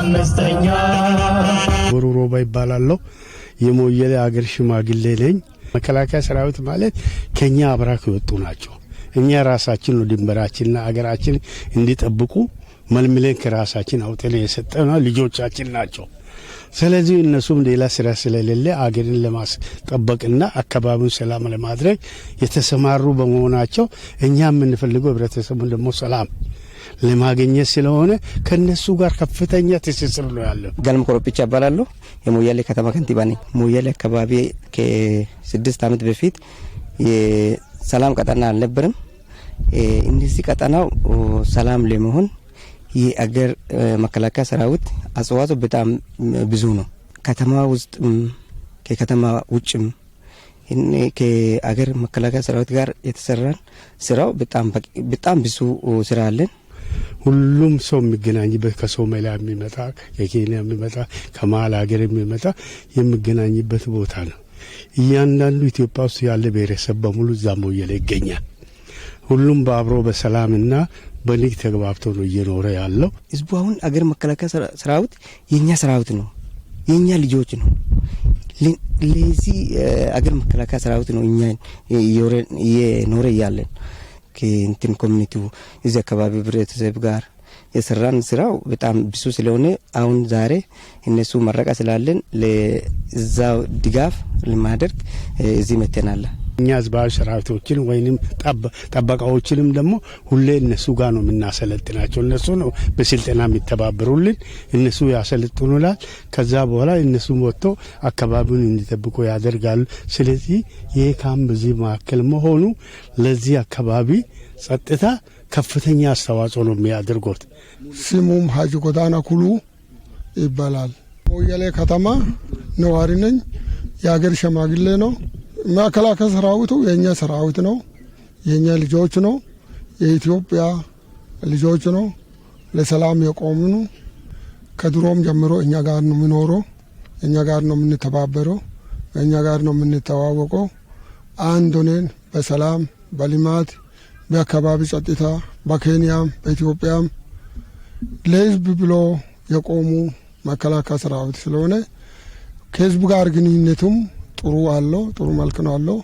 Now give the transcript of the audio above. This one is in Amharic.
አምስተኛ ወሩሮባ ይባላለሁ። የሞየሌ አገር ሽማግሌ ነኝ። መከላከያ ሰራዊት ማለት ከኛ አብራክ የወጡ ናቸው። እኛ ራሳችን ነው ድንበራችንና አገራችን እንዲጠብቁ መልምለን ከራሳችን አውጥለን የሰጠና ልጆቻችን ናቸው። ስለዚህ እነሱም ሌላ ስራ ስለሌለ አገርን ለማስጠበቅና አካባቢውን ሰላም ለማድረግ የተሰማሩ በመሆናቸው እኛ የምንፈልገው ህብረተሰቡን ደግሞ ሰላም ለማግኘት ስለሆነ ከነሱ ጋር ከፍተኛ ትስስር ነው ያለው። ገልም ኮረጵቻ እባላለሁ። የሞያሌ ከተማ ከንቲባ ነኝ። ሞያሌ አካባቢ ከስድስት አመት በፊት የሰላም ቀጠና አልነበርም። እነዚህ ቀጠናው ሰላም ለመሆን የአገር መከላከያ ሰራዊት አጽዋቱ በጣም ብዙ ነው። ከተማ ውስጥም ከከተማ ውጭም ከአገር መከላከያ ሰራዊት ጋር የተሰራን ስራው በጣም ብዙ ስራ አለን። ሁሉም ሰው የሚገናኝበት ከሶማሊያ የሚመጣ ከኬንያ የሚመጣ ከመሀል ሀገር የሚመጣ የሚገናኝበት ቦታ ነው። እያንዳንዱ ኢትዮጵያ ውስጥ ያለ ብሔረሰብ በሙሉ እዛ ሞየለ ይገኛል። ሁሉም በአብሮ በሰላምና በሊግ ተግባብቶ ነው እየኖረ ያለው ህዝቡ። አሁን አገር መከላከያ ሰራዊት የእኛ ሰራዊት ነው፣ የእኛ ልጆች ነው። ለዚህ አገር መከላከያ ሰራዊት ነው እኛ እየኖረ ያለን ከእንትን ኮሚኒቲው እዚህ አካባቢ ህብረተሰብ ጋር የሰራን ስራው በጣም ብሱ ስለሆነ አሁን ዛሬ እነሱ መረቃ ስላለን ለዛው ድጋፍ ለማደርግ እዚህ መተናላ እኛ ህዝባዊ ሰራዊቶችን ወይም ጠበቃዎችንም ደግሞ ሁሌ እነሱ ጋር ነው የምናሰለጥናቸው። እነሱ ነው በስልጠና የሚተባበሩልን፣ እነሱ ያሰለጥኑላል። ከዛ በኋላ እነሱ ወጥቶ አካባቢውን እንዲጠብቁ ያደርጋሉ። ስለዚህ ይህ ካምፕ በዚህ መካከል መሆኑ ለዚህ አካባቢ ጸጥታ ከፍተኛ አስተዋጽኦ ነው የሚያደርጉት። ስሙም ሀጂ ጎዳና ኩሉ ይባላል። ሞያሌ ከተማ ነዋሪ ነኝ። የሀገር ሸማግሌ ነው። መከላከያ ሰራዊቱ የእኛ ሰራዊት ነው፣ የእኛ ልጆች ነው፣ የኢትዮጵያ ልጆች ነው። ለሰላም የቆምኑ ከድሮም ጀምሮ እኛ ጋር ነው የምኖረው፣ እኛ ጋር ነው የምንተባበረው፣ እኛ ጋር ነው የምንተዋወቀው። አንድ ሆነን በሰላም በልማት በአካባቢ ጸጥታ በኬንያም በኢትዮጵያም ለህዝብ ብሎ የቆሙ መከላከያ ሰራዊት ስለሆነ ከህዝብ ጋር ግንኙነቱም ጥሩ አለው ጥሩ መልክ ነው አለው